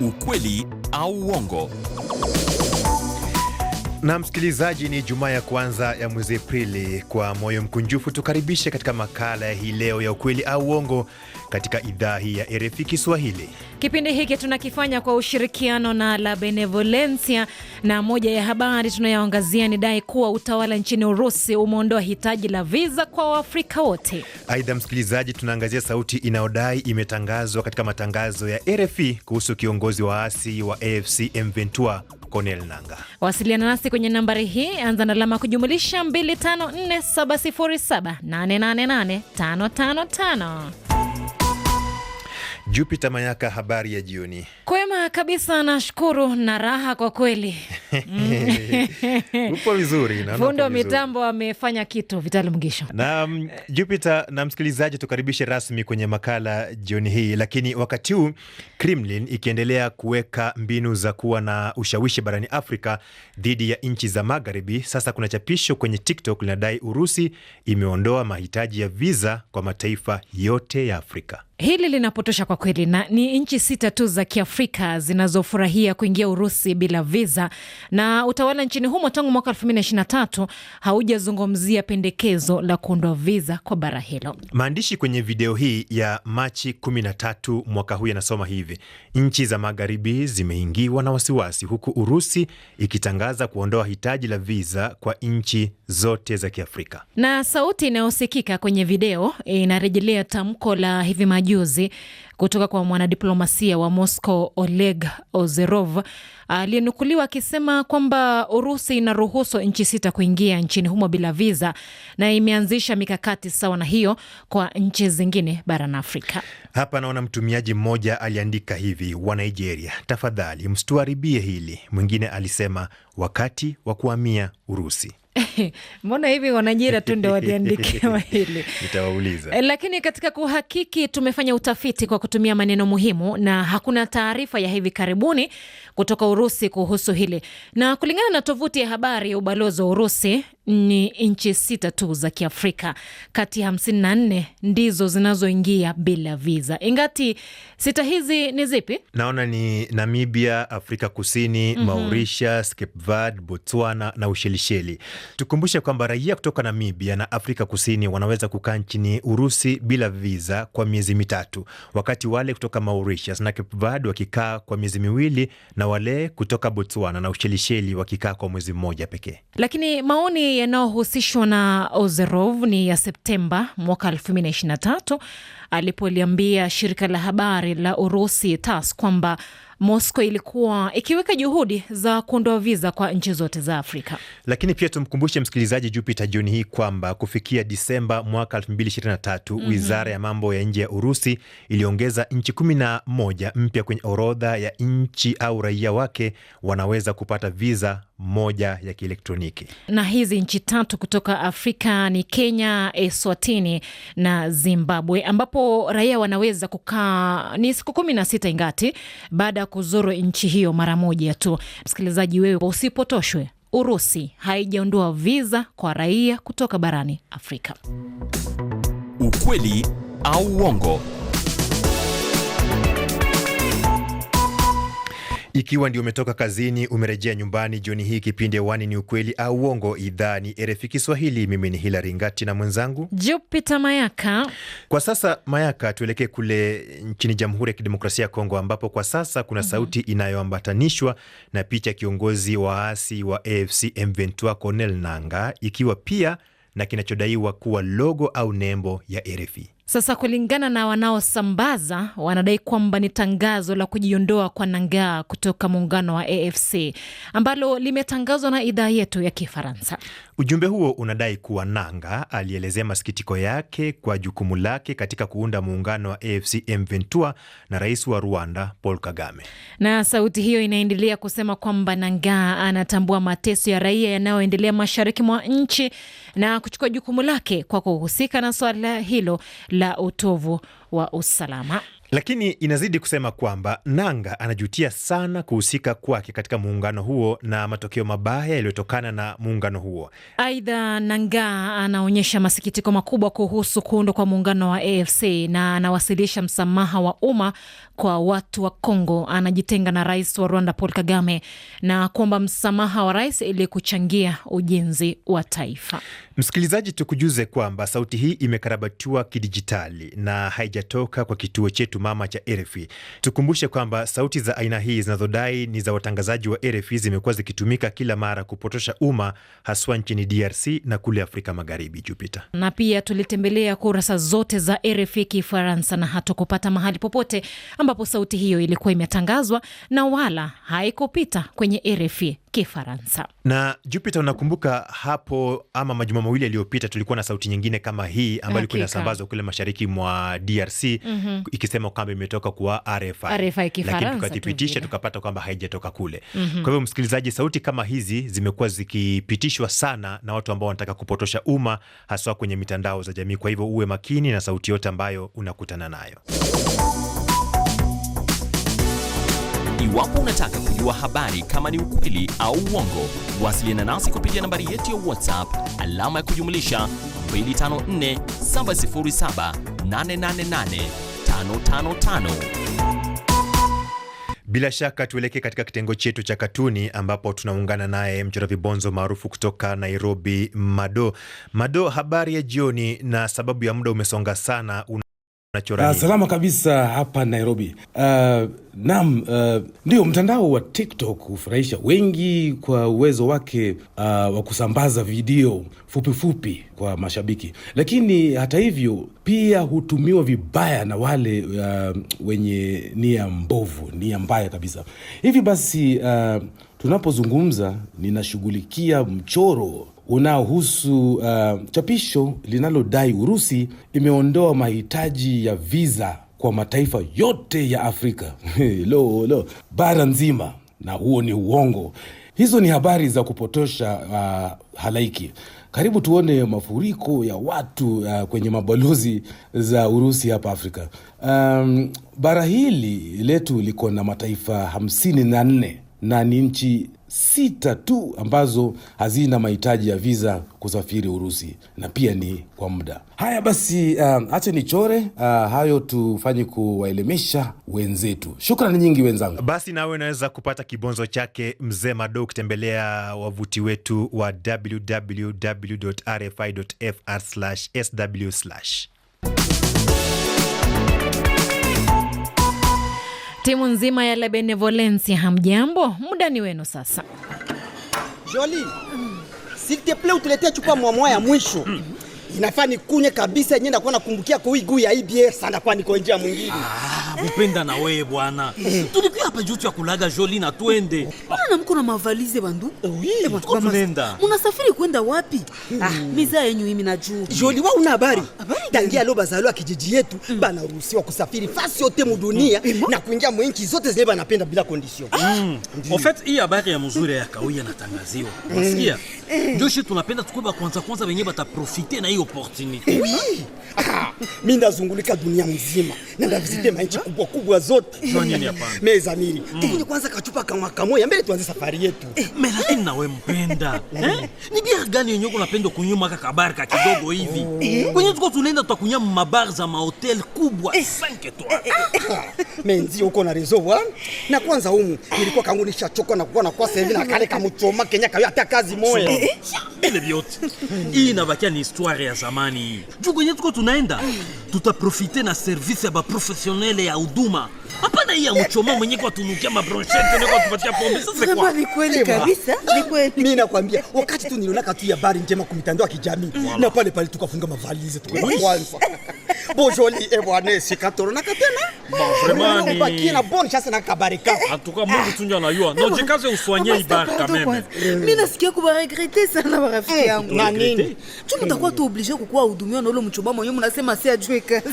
Ukweli au uongo. Na msikilizaji, ni Jumaa ya kwanza ya mwezi Aprili. Kwa moyo mkunjufu tukaribishe katika makala ya hii leo ya ukweli au uongo katika idhaa hii ya RFI Kiswahili. Kipindi hiki tunakifanya kwa ushirikiano na La Benevolencia, na moja ya habari tunayoangazia ni dai kuwa utawala nchini Urusi umeondoa hitaji la viza kwa Waafrika wote. Aidha msikilizaji, tunaangazia sauti inayodai imetangazwa katika matangazo ya RFI kuhusu kiongozi wa waasi wa AFC M23 Cornel Nanga. Wasiliana nasi kwenye nambari hii, anza na alama kujumulisha 254707888555 jupita Mayaka, habari ya jioni. Kwema kabisa, nashukuru na raha kwa kweli. Upo vizuri, fundi wa mitambo amefanya kitu. Vitali Mgisho na Jupita na msikilizaji, tukaribishe rasmi kwenye makala jioni hii. Lakini wakati huu Kremlin ikiendelea kuweka mbinu za kuwa na ushawishi barani Afrika dhidi ya nchi za Magharibi, sasa kuna chapisho kwenye TikTok linadai Urusi imeondoa mahitaji ya viza kwa mataifa yote ya Afrika. Hili linapotosha kwa kweli, na ni nchi sita tu za Kiafrika zinazofurahia kuingia Urusi bila viza, na utawala nchini humo tangu mwaka tatu haujazungumzia pendekezo la kuondoa viza kwa bara hilo. Maandishi kwenye video hii ya Machi 13 mwaka huu yanasoma hivi: nchi za magharibi zimeingiwa na wasiwasi, huku Urusi ikitangaza kuondoa hitaji la viza kwa nchi zote za Kiafrika. Na sauti inayosikika kwenye video eh, inarejelea tamko la hivi juzi kutoka kwa mwanadiplomasia wa Moscow Oleg Ozerov aliyenukuliwa akisema kwamba Urusi inaruhusu nchi sita kuingia nchini humo bila viza na imeanzisha mikakati sawa na hiyo kwa nchi zingine barani Afrika. Hapa naona mtumiaji mmoja aliandika hivi, wa Nigeria, tafadhali msituharibie hili. Mwingine alisema wakati wa kuhamia Urusi. mbona hivi wanajira tu ndo waliandikiwa hili nitawauliza. Eh, lakini katika kuhakiki, tumefanya utafiti kwa kutumia maneno muhimu, na hakuna taarifa ya hivi karibuni kutoka Urusi kuhusu hili. Na kulingana na tovuti ya habari ya ubalozi wa Urusi, ni nchi sita tu za Kiafrika kati ya 54 ndizo zinazoingia bila viza. Ingati sita hizi ni zipi? Naona ni Namibia, Afrika Kusini, mm -hmm. maurisha Cape Botswana na Ushelisheli. Tukumbushe kwamba raia kutoka Namibia na Afrika Kusini wanaweza kukaa nchini Urusi bila viza kwa miezi mitatu, wakati wale kutoka Mauritius na Cape Verde wakikaa kwa miezi miwili na wale kutoka Botswana na Ushelisheli wakikaa kwa mwezi mmoja pekee. Lakini maoni yanayohusishwa na Ozerov ni ya Septemba mwaka 2023 alipoliambia shirika la habari la Urusi tas kwamba Moscow ilikuwa ikiweka juhudi za kuondoa viza kwa nchi zote za Afrika. Lakini pia tumkumbushe msikilizaji Jupiter jioni hii kwamba kufikia Disemba mwaka 2023 mm -hmm. Wizara ya mambo ya nje ya Urusi iliongeza nchi 11 na mpya kwenye orodha ya nchi au raia wake wanaweza kupata viza moja ya kielektroniki. Na hizi nchi tatu kutoka Afrika ni Kenya, Eswatini na Zimbabwe, ambapo raia wanaweza kukaa ni siku kumi na sita ingati baada ya kuzuru nchi hiyo mara moja tu. Msikilizaji, wewe usipotoshwe, Urusi haijaondoa viza kwa raia kutoka barani Afrika. Ukweli au uongo? Ikiwa ndio umetoka kazini umerejea nyumbani jioni hii, kipindi hewani ni ukweli au uongo, idhaa ni RFI Kiswahili. Mimi ni Hilari Ngati na mwenzangu Jupita Mayaka. Kwa sasa Mayaka, tuelekee kule nchini Jamhuri ya Kidemokrasia ya Kongo ambapo kwa sasa kuna mm -hmm. sauti inayoambatanishwa na picha ya kiongozi waasi wa AFC M23 Cornel Nanga, ikiwa pia na kinachodaiwa kuwa logo au nembo ya RFI. Sasa kulingana na wanaosambaza, wanadai kwamba ni tangazo la kujiondoa kwa Nangaa kutoka muungano wa AFC ambalo limetangazwa na idhaa yetu ya Kifaransa. Ujumbe huo unadai kuwa Nanga alielezea masikitiko yake kwa jukumu lake katika kuunda muungano wa AFC M23 na rais wa Rwanda Paul Kagame. Na sauti hiyo inaendelea kusema kwamba Nangaa anatambua mateso ya raia yanayoendelea mashariki mwa nchi na kuchukua jukumu lake kwa kuhusika na swala hilo la utovu wa usalama. Lakini inazidi kusema kwamba Nanga anajutia sana kuhusika kwake katika muungano huo na matokeo mabaya yaliyotokana na muungano huo. Aidha, Nanga anaonyesha masikitiko makubwa kuhusu kuundwa kwa muungano wa AFC na anawasilisha msamaha wa umma kwa watu wa Kongo. Anajitenga na rais wa Rwanda Paul Kagame na kuomba msamaha wa rais ili kuchangia ujenzi wa taifa. Msikilizaji, tukujuze kwamba sauti hii imekarabatiwa kidijitali na haijatoka kwa kituo chetu mama cha RFI. Tukumbushe kwamba sauti za aina hii zinazodai ni za watangazaji wa RFI zimekuwa zikitumika kila mara kupotosha umma, haswa nchini DRC na kule Afrika Magharibi. Jupita, na pia tulitembelea kurasa zote za RFI Kifaransa na hatukupata mahali popote ambapo sauti hiyo ilikuwa imetangazwa na wala haikupita kwenye RFI Kifaransa. Na Jupiter, unakumbuka hapo ama majuma mawili yaliyopita tulikuwa na sauti nyingine kama hii ambayo ilikuwa inasambazwa kule mashariki mwa DRC mm -hmm. ikisema kwamba imetoka kwa RFI, RFI Kifaransa, lakini tukathibitisha tukapata kwamba haijatoka kule mm -hmm. Kwa hivyo, msikilizaji, sauti kama hizi zimekuwa zikipitishwa sana na watu ambao wanataka kupotosha umma haswa kwenye mitandao za jamii. Kwa hivyo uwe makini na sauti yote ambayo unakutana nayo. Iwapo unataka kujua habari kama ni ukweli au uongo, wasiliana nasi kupitia nambari yetu ya WhatsApp alama ya kujumlisha 254 Bila shaka tuelekee katika kitengo chetu cha katuni ambapo tunaungana naye mchora vibonzo maarufu kutoka Nairobi, Mado. Mado, habari ya jioni, na sababu ya muda umesonga sana una... Uh, salama kabisa hapa Nairobi. Uh, naam, uh, ndio mtandao wa TikTok hufurahisha wengi kwa uwezo wake uh, wa kusambaza video fupifupi fupi kwa mashabiki, lakini hata hivyo pia hutumiwa vibaya na wale uh, wenye nia mbovu, nia mbaya kabisa. Hivi basi uh, tunapozungumza ninashughulikia mchoro unaohusu uh, chapisho linalodai Urusi imeondoa mahitaji ya viza kwa mataifa yote ya Afrika lo, lo, bara nzima, na huo ni uongo. Hizo ni habari za kupotosha uh, halaiki. Karibu tuone mafuriko ya watu uh, kwenye mabalozi za Urusi hapa Afrika. Um, bara hili letu liko na mataifa hamsini na nne na ni nchi sita tu ambazo hazina mahitaji ya viza kusafiri Urusi na pia ni kwa muda. Haya basi, hacha um, ni nichore uh, hayo tufanye kuwaelimisha wenzetu. Shukrani nyingi wenzangu. Basi nawe unaweza kupata kibonzo chake mzee Mado ukitembelea wavuti wetu wa www.rfi.fr/sw/ Timu nzima ya La Benevolencia, hamjambo? Muda ni wenu sasa. joli mm. s'il te utuletee chupa mwamwa ya mwisho mm. Inafaa nikunye kabisa yenyewe, nakuwa nakumbukia kuiguu ya hii biere nikonjia njia mwingine ah nakupenda na wewe bwana. Tulikuwa hapa juu ya kulaga joli na twende. Mbona mko na mavalize bandu? Eh, eh, tunaenda. Mnasafiri kwenda wapi? Hmm. Ah, miza yenyu mimi najua. Joli wao una habari? Ah, Tangia leo bazalo kijiji yetu hmm. ruhusiwa kusafiri fasi yote mudunia hmm. na kuingia mwenki zote zile banapenda bila condition. Ah! En fait, hii habari ya mzuri ya kauya natangaziwa. Eh. Unasikia? Eh. Njoshi, tunapenda tukue bakwanza kwanza wenye bataprofite na hii opportunite. Eh. Ah, mi ndazungulika dunia mzima na ndavizite mainchi kubwa kubwa zote. Me Zamiri, tufuni kwanza kachupa kama kamoya mbele tuanze safari yetu. Eh, Me lakini nawe mpenda ni bia gani yenye uko napenda kunywa maka kabari ka kidogo hivi oh. kwenye tuko tulenda tutakunya mabar za mahotel kubwa 5 etoiles. Ah. Menzi uko na rezo bwana, na kwanza umu nilikuwa kangu nishachoka na kuwa na kwa sasa hivi na kale kamuchoma Kenya kayo hata kazi moya vile eh? vyote. Hii inabakia ni histoire ya zamani hii. Juu kwenye tuko tunaenda tutaprofite na service ya baprofesionele ya huduma, hapana hii ya mchoma mwenye kwa tunukia mabronchete kwa tupatia pombe. Sasa kwa ni kweli kabisa, mi nakwambia wakati tu nilionaka tu bari njema kumitandao ya kijamii na pale pale tukafunga mavalize tukakwanza eh? eh? Bojoli et bwana sikatorunaka tena. Bon, ah, vraiment na bonne chance Mungu tunja na yua. Non, jikaze uswanye ibara quand même. kuba euh. regretter sana marafiki yangu. Na nini? Tu eh. tu obligé kukuwa hudumia na ule mchumba mwenye mnasema si ajue kazi.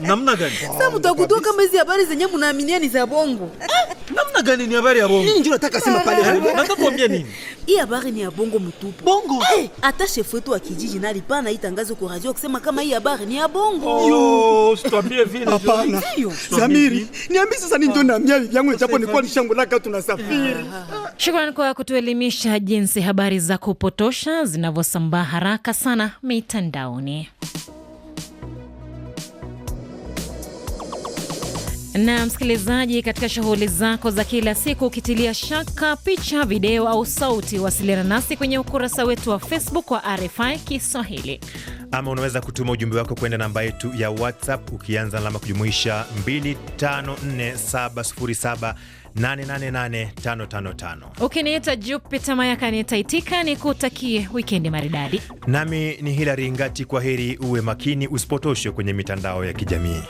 Namna gani? Sasa mtakudua kama habari zenye mnaamini ni za bongo. Eh, maana gani? Ni habari ya bongo. Nini ndio nataka sema pale? hapo? Eh, nataka kuambia nini? Hii habari ni ya bongo mtupu. Bongo. Eh, hata chef wetu wa kijiji nali pana itangazo kwa radio kusema kama hii habari ni ya bongo. Yo, oh, usitwambie vile. Hapana. Samiri, niambi sasa ah. ni ndio na bibi yangu japo nilikuwa nishangalaka tunasafiri. Ah, ah, Shukrani kwa kutuelimisha jinsi habari za kupotosha zinavyosambaa haraka sana mitandaoni. Na msikilizaji, katika shughuli zako za kila siku, ukitilia shaka picha, video au sauti, wasiliana nasi kwenye ukurasa wetu wa Facebook wa RFI Kiswahili, ama unaweza kutuma ujumbe wako kwenda namba yetu ya WhatsApp ukianza alama kujumuisha 254707 Ukiniita Jupita Mayaka nitaitika, ni kutakie wikendi maridadi. Nami ni Hilari Ngati, kwa heri, uwe makini usipotoshwe kwenye mitandao ya kijamii.